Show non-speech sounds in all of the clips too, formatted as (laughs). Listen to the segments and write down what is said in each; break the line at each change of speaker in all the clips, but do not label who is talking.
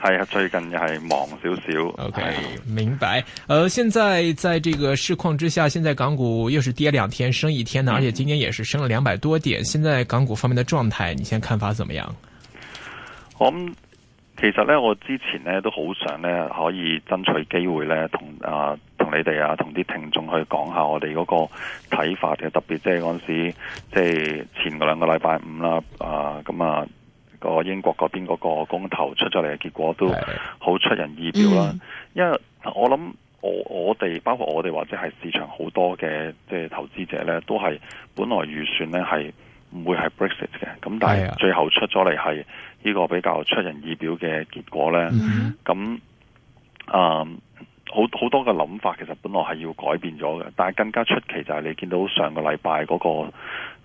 係啊，最近又係忙少少。OK，係嘅，
明白。而、呃、現在在這個市況之下，現在港股又是跌兩天升一天啦，而且今天也是升了兩百多點。嗯、現在港股方面的狀態，你現在看法怎麼樣？
我諗其實呢，我之前呢都好想呢，可以爭取機會呢，同啊、呃、同你哋啊同啲聽眾去講下我哋嗰個睇法嘅，特別即係嗰時即係前個兩個禮拜五啦，啊、呃、咁啊。個英國嗰邊嗰個公投出咗嚟嘅結果都好出人意表啦， (noise) 因為我諗我我哋包括我哋或者係市場好多嘅即係投資者呢，都係本來預算呢係唔會係 Brexit 嘅，咁但係最後出咗嚟係呢個比較出人意表嘅結果呢。咁啊、 (noise) 嗯、好好多個諗法其實本來係要改變咗嘅，但係更加出奇就係你見到上個禮拜嗰個成、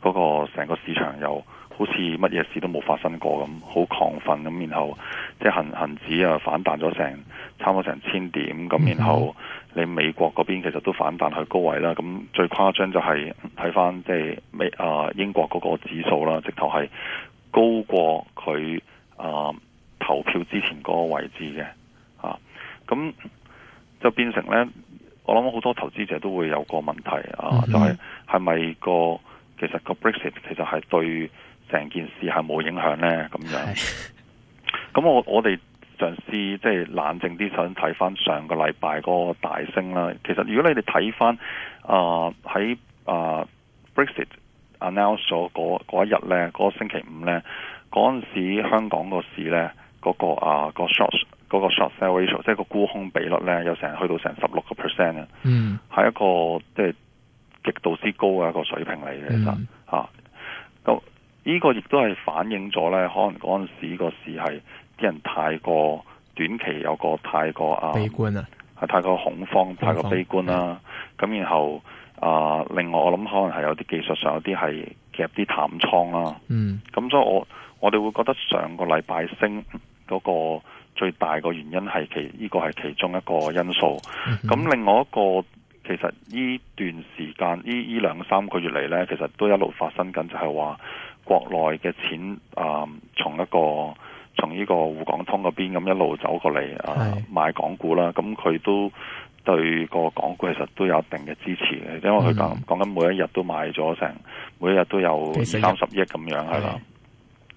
嗰個、個市場又，好似乜嘢事都冇發生過咁，好亢奮咁，然後即係恒恒指啊反彈咗成差唔多成千點咁，然後你美國嗰邊其實都反彈去高位啦，咁最誇張就係睇返即係美啊、呃、英國嗰個指數啦，直頭係高過佢啊、呃、投票之前嗰個位置嘅啊，咁就變成呢，我諗好多投資者都會有個問題啊，就係係咪個其實個 Brexit 其實係對？成件事係冇影響咧，咁樣。咁 (laughs) 我我哋嘗試即係、就是、冷靜啲，想睇翻上個禮拜嗰個大升啦。其實如果你哋睇翻啊喺啊 Brexit announce 咗嗰嗰一日咧，嗰個星期五咧，嗰陣時香港個市呢、那個市咧，嗰個啊個 short 嗰 short sell ratio、mm. 即係個沽空比率咧，有成去到成十六個 percent 啊，係、mm. 一個即係、就是、極度之高嘅一個水平嚟嘅，mm. 其實嚇。Mm. 呢個亦都係反映咗呢，可能嗰陣時個市係啲人太過短期有個太過啊，悲觀啊，太過恐慌、恐慌太過悲觀啦、啊。咁、嗯、然後啊、呃，另外我諗可能係有啲技術上有啲係夾啲淡倉啦。嗯，咁所以我我哋會覺得上個禮拜升嗰、那個最大個原因係其呢、呢個係其中一個因素。咁、嗯、哼另外一個其實呢段時間呢呢兩三個月嚟呢，其實都一路發生緊就係、是、話。就是國內嘅錢啊，從、呃、一個從呢個滬港通嗰邊咁一路走過嚟啊，呃、是買港股啦，咁佢都對個港股其實都有一定嘅支持嘅，因為佢講講緊每一日都買咗成，每一日都有三十億咁樣係啦，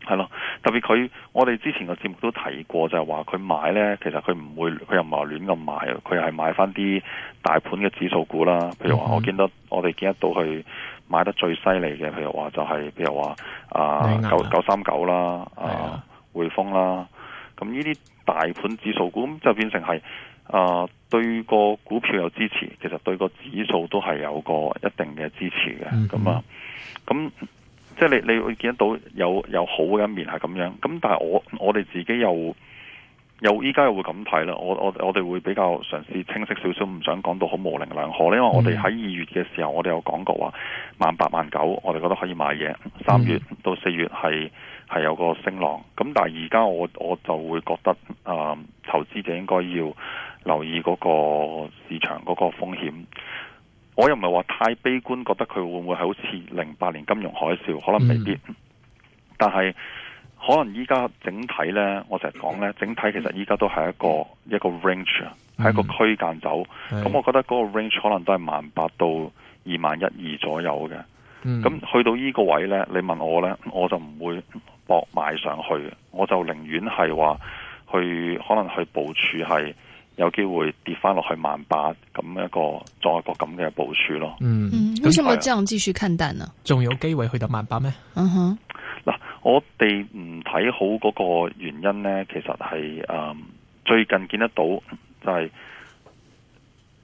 係咯是的。特別佢，我哋之前個節目都提過就係話佢買呢，其實佢唔會，佢又唔係亂咁買，佢係買翻啲大盤嘅指數股啦。譬如話、mm hmm.，我見得我哋見得到佢。買得最犀利嘅，譬如話就係、是，譬如話、呃、啊九九三九啦，啊、呃、匯豐啦，咁呢啲大盤指數股咁就變成係啊、呃、對個股票有支持，其實對個指數都係有個一定嘅支持嘅，咁、嗯嗯、啊，咁即係你你會見得到有有好嘅一面係咁樣，咁但係我我哋自己又。又依家又會咁睇啦，我我我哋會比較嘗試清晰少少，唔想講到好模棱兩可。因為我哋喺二月嘅時候，我哋有講過話萬八萬九，我哋覺得可以買嘢。三月到四月係係有個升浪，咁但係而家我我就會覺得，誒、嗯、投資者應該要留意嗰個市場嗰個風險。我又唔係話太悲觀，覺得佢會唔會係好似零八年金融海嘯，可能未必，嗯、但係。可能依家整體呢，我成日講呢，整體其實依家都係一個一個 range，啊、嗯，係一個區間走。咁是我覺得嗰個 range 可能都係萬八到二萬一二左右嘅。咁、嗯、去到呢個位呢，你問我呢，我就唔會博買上去，我就寧願係話去可能去部署係有機會跌翻落去萬八咁一個再一個咁嘅部署咯。
嗯，為什麼這樣繼續看淡呢？啊，仲有機會去到萬八咩？嗯哼、uh。Huh. 嗱，我
哋唔睇好嗰個原因咧，其實係誒最近見得到，就係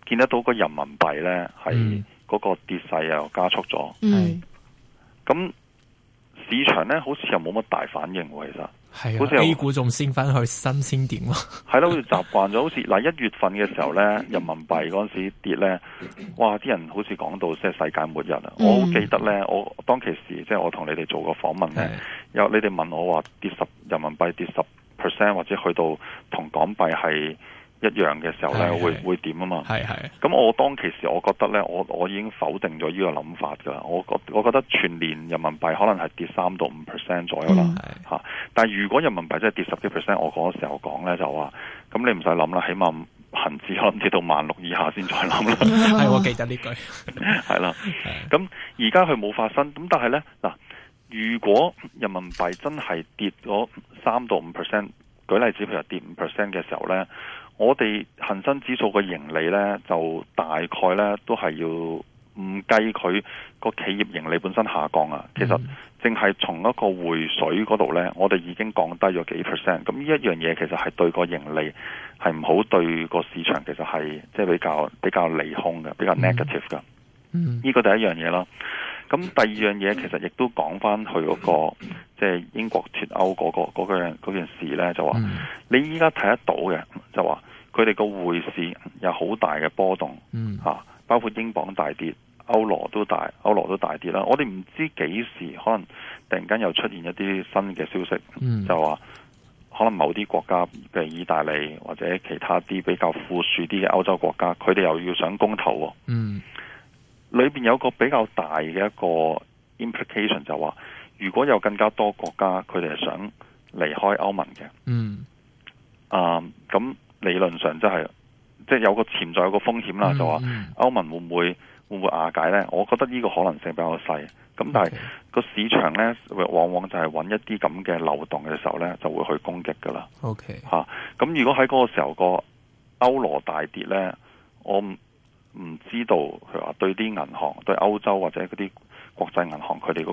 見得到個人民幣咧，係嗰個跌勢又加速咗。嗯，咁市場咧好似又冇乜大反應喎，其實。
係、啊，A 股仲升翻去新鮮點啊？
係咯、啊，好似習慣咗。好似嗱，一月份嘅時候咧，人民幣嗰時跌咧，哇！啲人好似講到即係世界末日啊、嗯！我好記得咧，當我當其時即係我同你哋做過訪問咧，的有你哋問我話跌十人民幣跌十 percent，或者去到同港幣係一樣嘅時候咧，是是會是是會點啊嘛？系係。咁我當其時，我覺得咧，我我已經否定咗呢個諗法噶啦。我我我覺得全年人民幣可能係跌三到五 percent 左右啦。係吓，是是但係如果人民幣真係跌十幾 percent，我嗰個時候講咧就話，咁你唔使諗啦，起碼恒指諗跌到萬六以下先再諗啦。係，我
記得呢句。係啦，
咁而家佢冇發生，咁但係咧嗱，如果人民幣真係跌咗三到五 percent，舉例子譬如跌五 percent 嘅時候咧。我哋恒生指數嘅盈利呢，就大概呢都係要唔計佢個企業盈利本身下降啊。其實淨係從一個匯水嗰度呢，我哋已經降低咗幾 percent。咁呢一樣嘢其實係對個盈利係唔好，對個市場其實係即係比較比較利空嘅，比較 negative 噶。嗯，呢個第一樣嘢啦。咁第二樣嘢其實亦都講翻去嗰個，即係英國脫歐嗰個嗰件事咧，就話，嗯，你依家睇得到嘅，就話佢哋個匯市有好大嘅波動，嚇，嗯，啊，包括英鎊大跌，歐羅都大，歐羅都大跌啦。我哋唔知幾時可能突然間又出現一啲新嘅消息，就話可能某啲國家，譬如意大利或者其他啲比較富庶啲嘅歐洲國家，佢哋又要上公投喎。嗯裏邊有個比較大嘅一個 implication 就話，如果有更加多國家佢哋係想離開歐盟嘅，嗯，啊，咁理論上即係，即係有個潛在有個風險啦，嗯、就話歐盟會唔會會唔會瓦解呢？我覺得呢個可能性比較細，咁但係 Okay. 個市場呢，往往就係揾一啲咁嘅流動嘅時候呢，就會去攻擊噶啦。OK，吓、啊，咁如果喺嗰個時候個歐羅大跌呢？我。唔知道佢話對啲銀行、對歐洲或者嗰啲國際銀行，佢哋嗰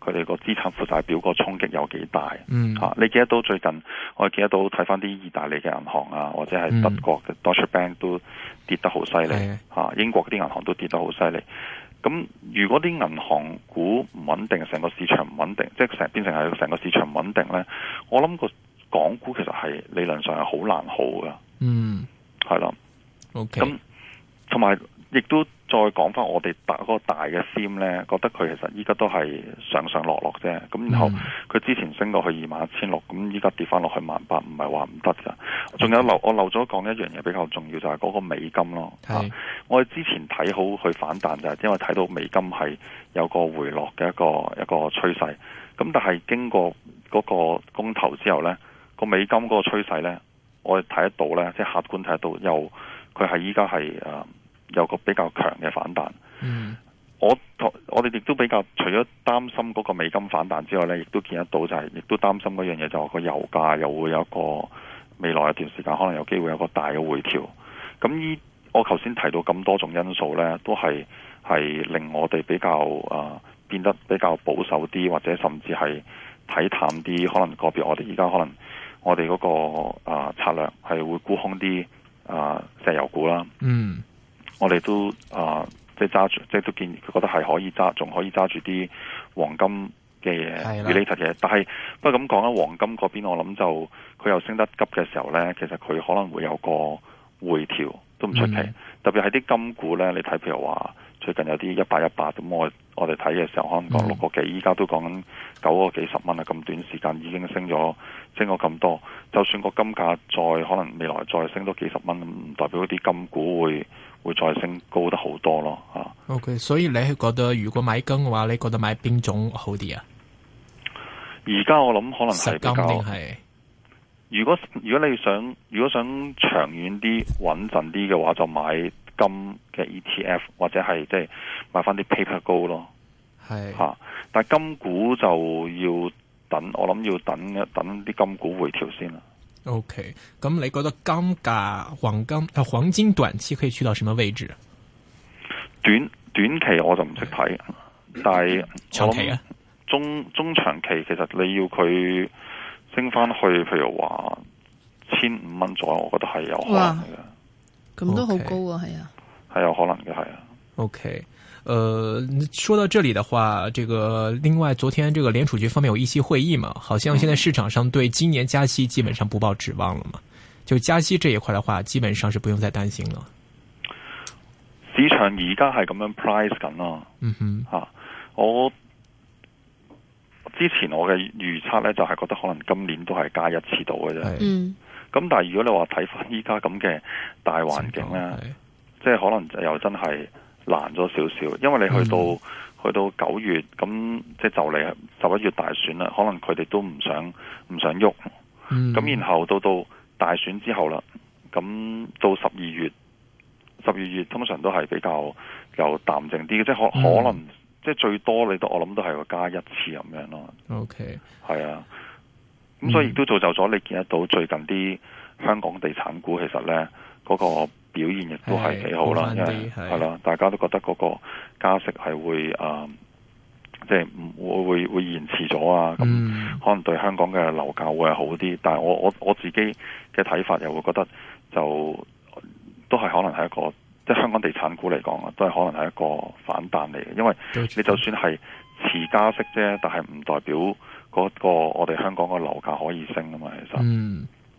個佢哋個資產負債表個衝擊有幾大？嗯，嚇、啊、你記得到最近，我記得到睇翻啲意大利嘅銀行啊，或者係德國嘅 Deutsche Bank 都跌得好犀利嚇，英國嗰啲銀行都跌得好犀利。咁如果啲銀行股唔穩定，成個市場唔穩定，即係成變成係成個市場唔穩定咧，我諗個港股其實係理論上係好難好噶。嗯，係咯的。O K、嗯。
咁 Okay.
同埋，亦都再講翻我哋大、嗰個大嘅線咧，覺得佢其實依家都係上上落落啫。咁、嗯、然後佢之前升到去二萬一千六，咁依家跌翻落去萬八，唔係話唔得㗎。仲有漏，我漏咗講一樣嘢比較重要，就係、係、嗰個美金咯。係啊、我哋之前睇好佢反彈嘅，因為睇到美金係有個回落嘅一個一個趨勢。咁但係經過嗰個公投之後咧，個美金嗰個趨勢咧，我哋睇得到咧，即係客觀睇得到，又佢係依家係啊。有個比較強嘅反彈、
mm.。
我我哋亦都比較，除咗擔心嗰個美金反彈之外呢，亦都見得到就係、是，亦都擔心嗰樣嘢就個油價又會有一個未來一段時間可能有機會有一個大嘅回調。咁呢我頭先提到咁多種因素呢，都係係令我哋比較啊、呃、變得比較保守啲，或者甚至係睇淡啲，可能個別我哋而家可能我哋嗰、那個啊、呃、策略係會沽空啲啊、呃、石油股啦。嗯。
Mm.
我哋都啊、呃，即係揸住，即係都建議佢覺得係可以揸，仲可以揸住啲黃金嘅嘢、relate 嘅嘢。但係不過咁講，咧黃金嗰邊我諗就佢又升得急嘅時候呢，其實佢可能會有個回調都唔出奇。嗯、特別係啲金股呢，你睇譬如話最近有啲一百一百咁，100, 我我哋睇嘅時候可能講六個幾，依家都講緊九個幾十蚊啦。咁短時間已經升咗升咗咁多，就算個金價再可能未來再升多幾十蚊，唔代表啲金股會。會再升高得好多咯，吓。
O K，所以你係覺得如果買金嘅話，你覺得買邊種好啲啊？
而家我諗可能係比較。實金定係？如果如果你想，如果想長遠啲、穩陣啲嘅話，就買金嘅 E T F 或者係即係買翻啲 paper gold o
咯。係吓
是、啊，但係金股就要等，我諗要等一等啲金股回調先啦。
O K，咁你覺得金價、黃金、黃金短期可以去到什麼位置？
短短期我就唔識睇，Okay. 但係我、長期啊、中中長期其實你要佢升翻去，譬如話千五蚊左右，我覺得係有可能嘅。
咁都好高啊，係啊，係
有可能嘅，係啊 Okay.。
O K。呃，說到這裏的話，這個另外昨天這個聯儲局方面有一期會議嘛，好像現在市場上對今年加息基本上不抱指望了嘛，就加息這一塊的話，基本上是不用再擔心了。
市場而家係咁樣 price 緊，啊、咯，嗯哼，吓，啊，我之前我嘅預測咧就係，是、覺得可能今年都係加一次度嘅啫，
嗯，
咁但係如果你話睇翻依家咁嘅大環境咧，即係可能就又真係。難咗少少，因為你去到、嗯、去到九月，咁即係就嚟十一月大選啦，可能佢哋都唔想唔想喐。咁、嗯、然後到到大選之後啦，咁到十二月，十二月通常都係比較又淡靜啲嘅，即係可、嗯、可能即係最多你都我諗都係加一次咁樣咯。OK，係啊，咁所以亦都造就咗、嗯、你見得到最近啲香港地產股其實呢嗰、嗰個。表現亦都係幾好啦，因為係啦，大家都覺得嗰個加息係會誒，即係會會會延遲咗啊，咁可能對香港嘅樓價會係好啲。但係我我我自己嘅睇法又會覺得就都係可能係一個，即係香港地產股嚟講啊，都係可能係一個反彈嚟嘅，因為你就算係持加息啫，但係唔代表嗰個我哋香港個樓價可以升㗎嘛，其實。嗯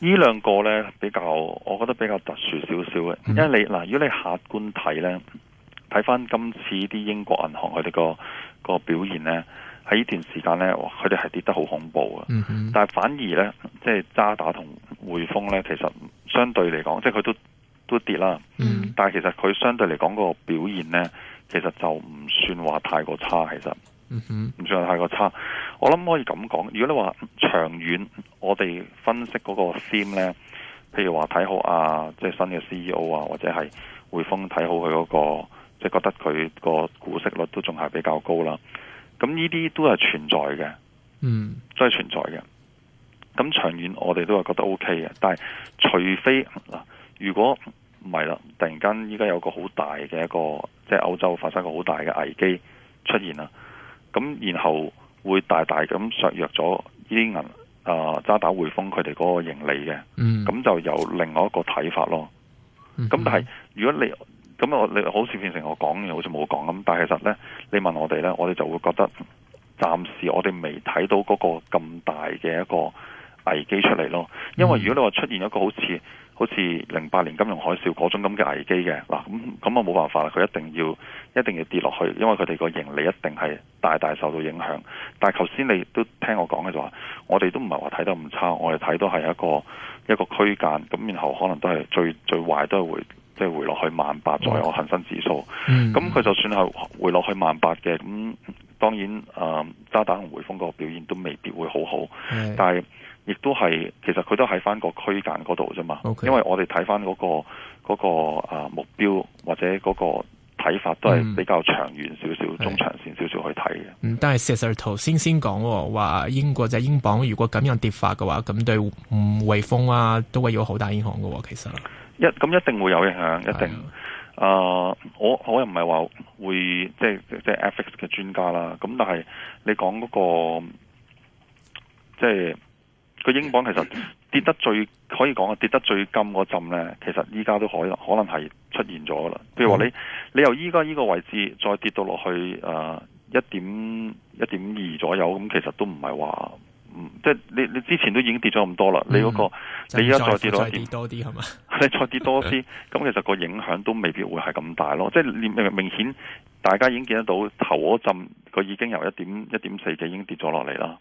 呢兩個呢，比較，我覺得比較特殊少少嘅，嗯、因為你嗱，如果你客觀睇呢，睇翻今次啲英國銀行佢哋個個表現呢，喺呢段時間呢，佢哋係跌得好恐怖嘅。嗯嗯、但係反而呢，即係渣打同匯豐呢，其實相對嚟講，即係佢都都跌啦。嗯、但係其實佢相對嚟講個表現呢，其實就唔算話太過差，其實。嗯哼，唔、mm hmm. 算係太過差。我諗可以咁講，如果你話長遠，我哋分析嗰個 team 咧，譬如話睇好啊，即係新嘅 C E O 啊，或者係匯豐睇好佢嗰、嗰個，即係覺得佢個股息率都仲係比較高啦。咁呢啲都係存在嘅，嗯、mm，hmm. 都係存在嘅。咁長遠我哋都係覺得 O K 嘅，但係除非嗱，如果唔係啦，突然間依家有個好大嘅一個，即係歐洲發生個好大嘅危機出現啦。咁然後會大大咁削弱咗呢啲銀啊、呃、渣打匯豐佢哋嗰個盈利嘅，咁、嗯、就有另外一個睇法咯。咁、嗯嗯、但係如果你咁我你好似變成我講嘅，好似冇講咁，但係其實咧你問我哋咧，我哋就會覺得暫時我哋未睇到嗰個咁大嘅一個危機出嚟咯。因為如果你話出現一個好似，好似零八年金融海嘯嗰種咁嘅危機嘅，嗱咁咁啊冇辦法啦，佢一定要一定要跌落去，因為佢哋個盈利一定係大大受到影響，但係頭先你都聽我講嘅就話，我哋都唔係話睇得唔差，我哋睇到係一個一個區間，咁然後可能都係最最壞都係會。即係回落去萬八左右我恒生指數，咁佢、嗯、就算係回落去萬八嘅，咁、嗯、當然誒渣打同匯豐個表現都未必會好好，是但係亦都係其實佢都喺翻個區間嗰度啫嘛。Okay, 因為我哋睇翻嗰個啊、嗰個、目標或者嗰個睇法都係比較長遠少少、嗯、中長線少少去
睇嘅、嗯。但係事實頭先先講話英國就英鎊，如果咁樣跌法嘅話，咁對匯豐、嗯、啊都會有好大影響嘅。其實。
一咁一定會有影響，一定。誒、哎呦 uh,，我我又唔係話會即係即係 FX 嘅專家啦。咁但係你講嗰、那個即係個英鎊其實跌得最 (laughs) 可以講啊，跌得最金嗰陣咧，其實依家都可可能係出現咗啦。譬如話你你由依家依個位置再跌到落去誒一點一點二左右，咁其實都唔係話。嗯、即係你你之前都已經跌咗咁多啦，你嗰、那個、嗯、你而家再跌多啲
多啲係嘛？你
再跌多啲，咁其實個影響都未必會係咁大咯。即係明明顯大家已經見得到頭嗰陣，
佢已經有一點一點四嘅已經跌咗落嚟啦。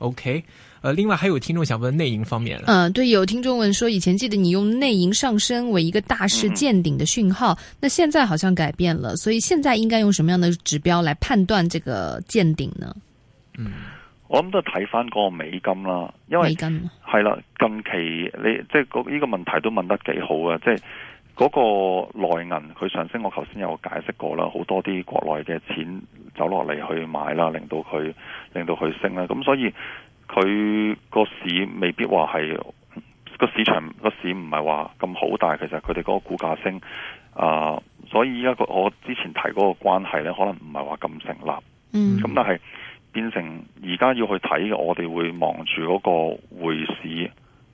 O、okay, K，、呃、另外還有聽眾想問內銀方面，嗯，uh, 對，有聽眾問說，以前記得你用內銀上升為一個大市見頂的訊號，嗯、那現在好像改變了，所以現在應該用什麼樣的指標來判斷這個見頂呢？嗯。
我諗都係睇翻嗰個美金啦，
因為係美
金啦，近期你即係呢個問題都問得幾好啊！即係嗰個內銀佢上升，我頭先有解釋過啦，好多啲國內嘅錢走落嚟去買啦，令到佢令到佢升啦。咁所以佢個市未必話係個市場個市唔係話咁好，但其實佢哋嗰個股價升啊，呃，所以而家個我之前提嗰個關係咧，可能唔係話咁成立。嗯，咁但係。變成而家要去睇嘅，我哋會望住嗰個匯市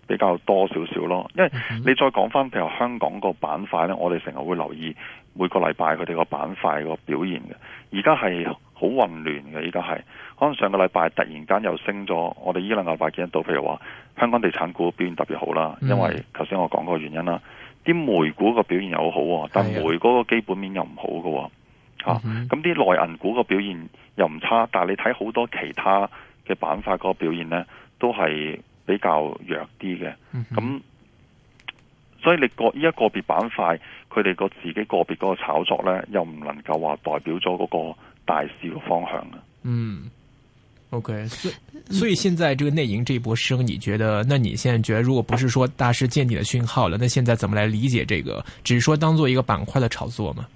比較多少少咯。因為你再講翻，譬如香港個板塊呢，我哋成日會留意每個禮拜佢哋個板塊個表現嘅。而家係好混亂嘅，而家係可能上個禮拜突然間又升咗。我哋依兩個禮拜見到，譬如話香港地產股表現特別好啦，因為頭先我講個原因啦。啲煤股個表現又好喎，但煤嗰個基本面又唔好嘅喎。咁啲內銀股個表現又唔差，但係你睇好多其他嘅板塊個表現咧，都係比較弱啲嘅。
咁、uh huh.
所以你個依一個別板塊，佢哋個自己個別嗰個炒作咧，又唔能夠話代表咗嗰個大市嘅方向
啊。嗯，OK，所以所以現在這個內銀這一波升，你覺得？那你現在覺得，如果不是說大市見底的訊號了，那現在怎麼來理解這個？只是說當做一個板塊的炒作嘛。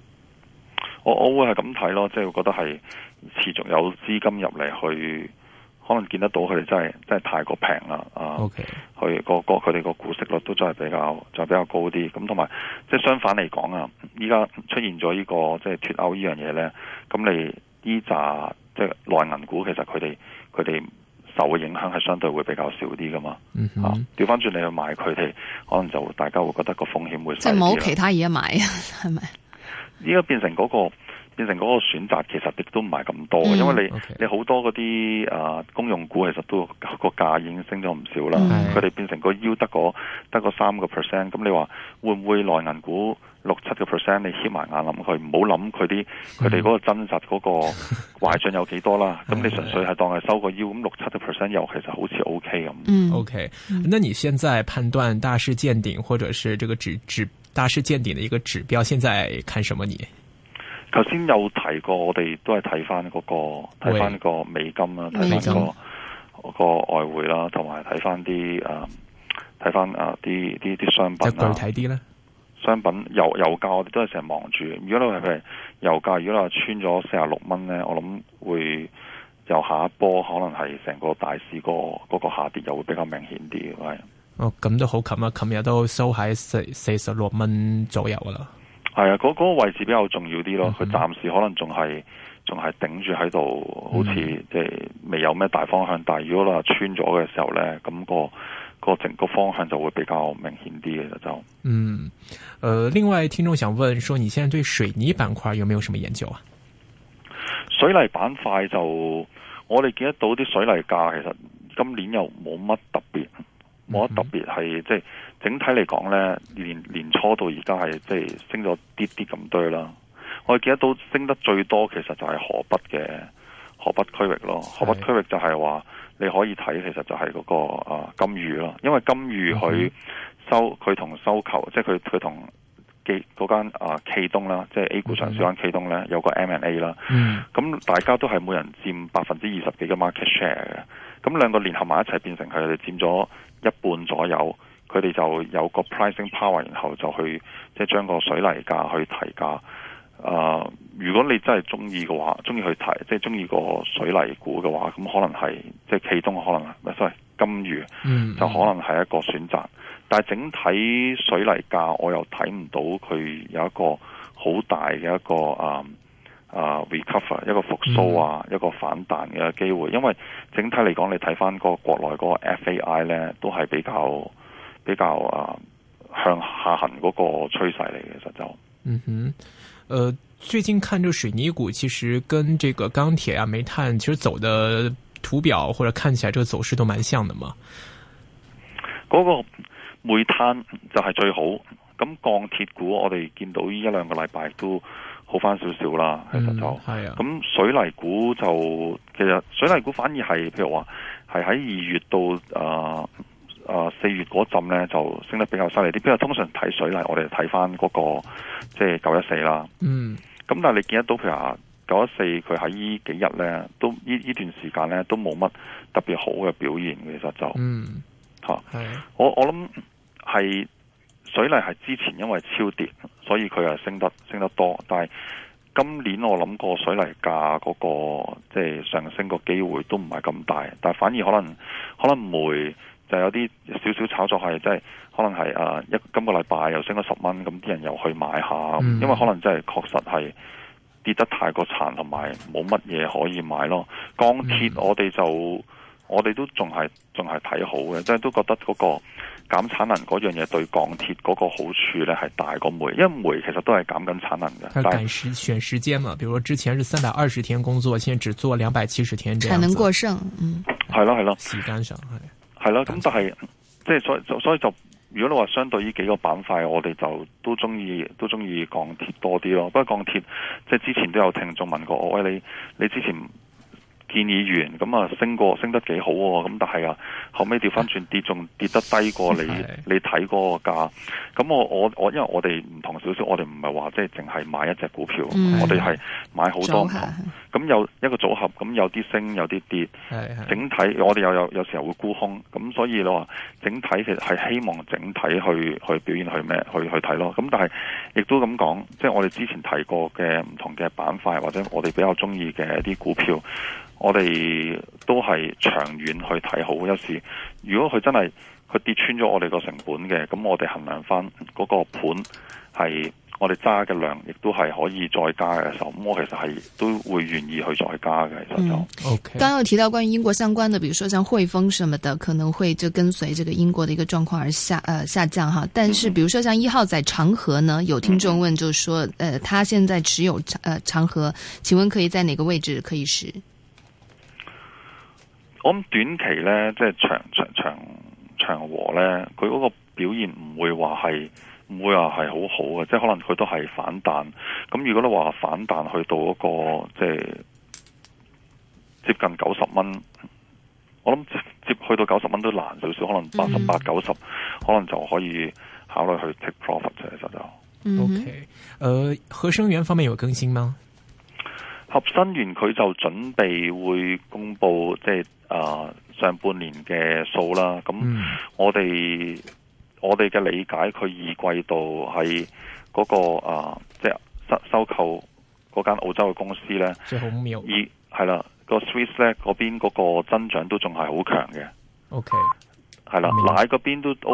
我我會係咁睇咯，即係我覺得係持續有資金入嚟去，可能見得到佢哋真係真係太過平啦啊！佢個個佢哋個股息率都真係比較就比較高啲。咁同埋即係相反嚟講啊，依家出現咗呢個即係脫歐呢樣嘢咧，咁你呢紮即係內銀股，其實佢哋佢哋受嘅影響係相對會比較少啲噶嘛？
吓
調翻轉你去買佢哋，可能就大家會覺得個風險會少啲。即係冇其
他嘢買係咪？
依家變成嗰、嗰個變成嗰個選擇，其實亦都唔係咁多，因為你、mm, okay. 你好多嗰啲啊公用股，其實都個價已經升咗唔少啦。佢哋、mm. 變成個 Yield 得個得個三個 percent，咁你話會唔會內銀股？六七個 percent，你眯埋眼諗佢，唔好諗佢啲佢哋嗰個真實嗰個壞賬有幾多啦。咁 (laughs) 你純粹係當係收個腰咁，六七個 percent 又其實好似 O
K 咁。OK、嗯。那你現在判斷大市見頂，或者是這個指指大市見頂嘅一個指標，現在看什麼？你
頭先有提過，我哋都係睇翻嗰個睇翻個美金啦，睇翻個嗰個外匯啦，同埋睇翻啲誒睇翻啊啲啲啲商品具體啲咧。商品油油價我哋都係成日忙住。如果咧係唔係油價？如果話穿咗四十六蚊咧，我諗會又下一波可能係成個大市個嗰個下跌又會比較明顯啲嘅。
係。哦，咁都好近啊！琴日都收喺四四十六蚊左右噶啦。
係啊，嗰個位置比較重要啲咯。佢暫時可能仲係仲係頂住喺度，好似即係未有咩大方向。但係如果話穿咗嘅時候咧，咁、嗰個。個整個方向就會比較明顯啲嘅就，
嗯，誒、呃，另外聽眾想問，說你現在對水泥板塊有沒有什麼研究啊？
水泥板塊就我哋見得到啲水泥價，其實今年又冇乜特別，冇乜特別係，嗯、即係整體嚟講呢，年年初到而家係即係升咗啲啲咁多啦。我哋見得到升得最多，其實就係河北嘅河北區域咯，河北區域就係話。你可以睇，其實就係嗰、那個啊、呃、金隅咯，因為金隅佢 Okay. 收佢同收購，即係佢佢同機嗰間啊冀東啦，即係 A 股上市間冀東咧，有個 M and A 啦。咁、mm. 大家都係每人佔百分之二十幾嘅 market share 嘅，咁兩個聯合埋一齊變成佢哋佔咗一半左右，佢哋就有個 pricing power，然後就去即係將個水泥價去提價啊。呃如果你真係中意嘅話，中意去睇，即係中意個水泥股嘅話，咁可能係即係其中可能唔係金隅，就可能係一個選擇。嗯、但係整體水泥價，我又睇唔到佢有一個好大嘅一個、嗯、啊啊 recover 一個復甦、嗯、啊一個反彈嘅機會，因為整體嚟講，你睇翻個國內嗰個 FAI 呢，都係比較比較啊、嗯、向下行嗰個趨勢嚟嘅，實就
嗯哼，呃最近看這水泥股，其實跟這個鋼鐵啊、煤炭，其實走的圖表或者看起來，這個走勢都蠻像的嘛。
嗰個煤炭就係最好，咁鋼鐵股我哋見到呢一兩個禮拜都好翻少少啦，其實、嗯、就係啊。咁、嗯、水泥股就其實水泥股反而係，譬如話係喺二月到啊啊四月嗰陣咧，就升得比較犀利啲。譬如通常睇水泥，我哋就睇翻嗰個即係九一四啦。嗯。咁但係你見得到譬如話九一四佢喺依幾日呢，都呢依段時間呢，都冇乜特別好嘅表現，其實就嚇，我我諗係水泥係之前因為超跌，所以佢係升得升得多，但係今年我諗個水泥價嗰個即係上升個機會都唔係咁大，但係反而可能可能煤。 (noise) 就有啲少少炒作，係即係可能係啊，一、呃、今個禮拜又升咗十蚊，咁啲人又去買下，嗯、因為可能真係確實係跌得太過殘，同埋冇乜嘢可以買咯。鋼鐵我哋就、嗯、我哋都仲係仲係睇好嘅，即、就、係、是、都覺得嗰個減產能嗰樣嘢對鋼鐵嗰個好處咧係大過煤，因為煤其實都係減緊產能嘅。佢揀
時選時間嘛，但比如之前係三百二十天工作，現在只做兩百七十天，產能過剩，嗯，係咯係咯，時間上係。 (noise) 對了
係啦，咁但係，即係所以所以就，如果你話相對於幾個板塊，我哋就都中意都中意鋼鐵多啲咯。不過鋼鐵即係之前都有聽眾問過我，喂你你之前。建議完咁啊，升過升得幾好喎！咁但係啊，後尾掉返轉跌，仲跌得低過你的你睇嗰個價。咁我我我，因為我哋唔同少少，我哋唔係話即係淨係買一隻股票，的我哋係買好多行。咁是有一個組合，咁有啲升，有啲跌。
的整
體我哋又有有時候會沽空，咁所以你話，整體其實係希望整體去去表現去咩去去睇咯。咁但係亦都咁講，即係我哋之前提過嘅唔同嘅板塊，或者我哋比較中意嘅一啲股票。我哋都係長遠去睇好一市。如果佢真係佢跌穿咗我哋個成本嘅，咁我哋衡量翻嗰個盤係我哋揸嘅量，亦都係可以再加嘅時候，咁我其實係都會願意去再加嘅。其實就剛
剛、嗯 okay. 提到關於英國相關嘅，比如說像匯豐什麼的，可能會就跟隨這個英國的一個狀況而下，呃下降哈。但是，比如說像一號仔長河呢？有聽眾問，就是說，呃，他現在持有呃長河，請問可以在哪個位置可以使？
我諗短期咧，即係長長長長和咧，佢嗰個表現唔會話係唔會話係好好嘅，即係可能佢都係反彈。咁如果你話反彈去到嗰、那個即係接近九十蚊，我諗接去到九十蚊都難，少少可能八十八九十，hmm. 90, 可能就可以考慮去 take profit 其實就就。
OK，誒，合生元方面有更新嗎？合生
元佢就準備會公佈，即係。啊、呃，上半年嘅數啦，咁、嗯嗯、我哋我哋嘅理解，佢二季度喺嗰個啊，即係收收購間澳洲嘅公司咧，
即係好妙。二
係啦，個 Swiss 咧邊個增長都仲係好強嘅。O K，係啦，奶嗰邊都 O。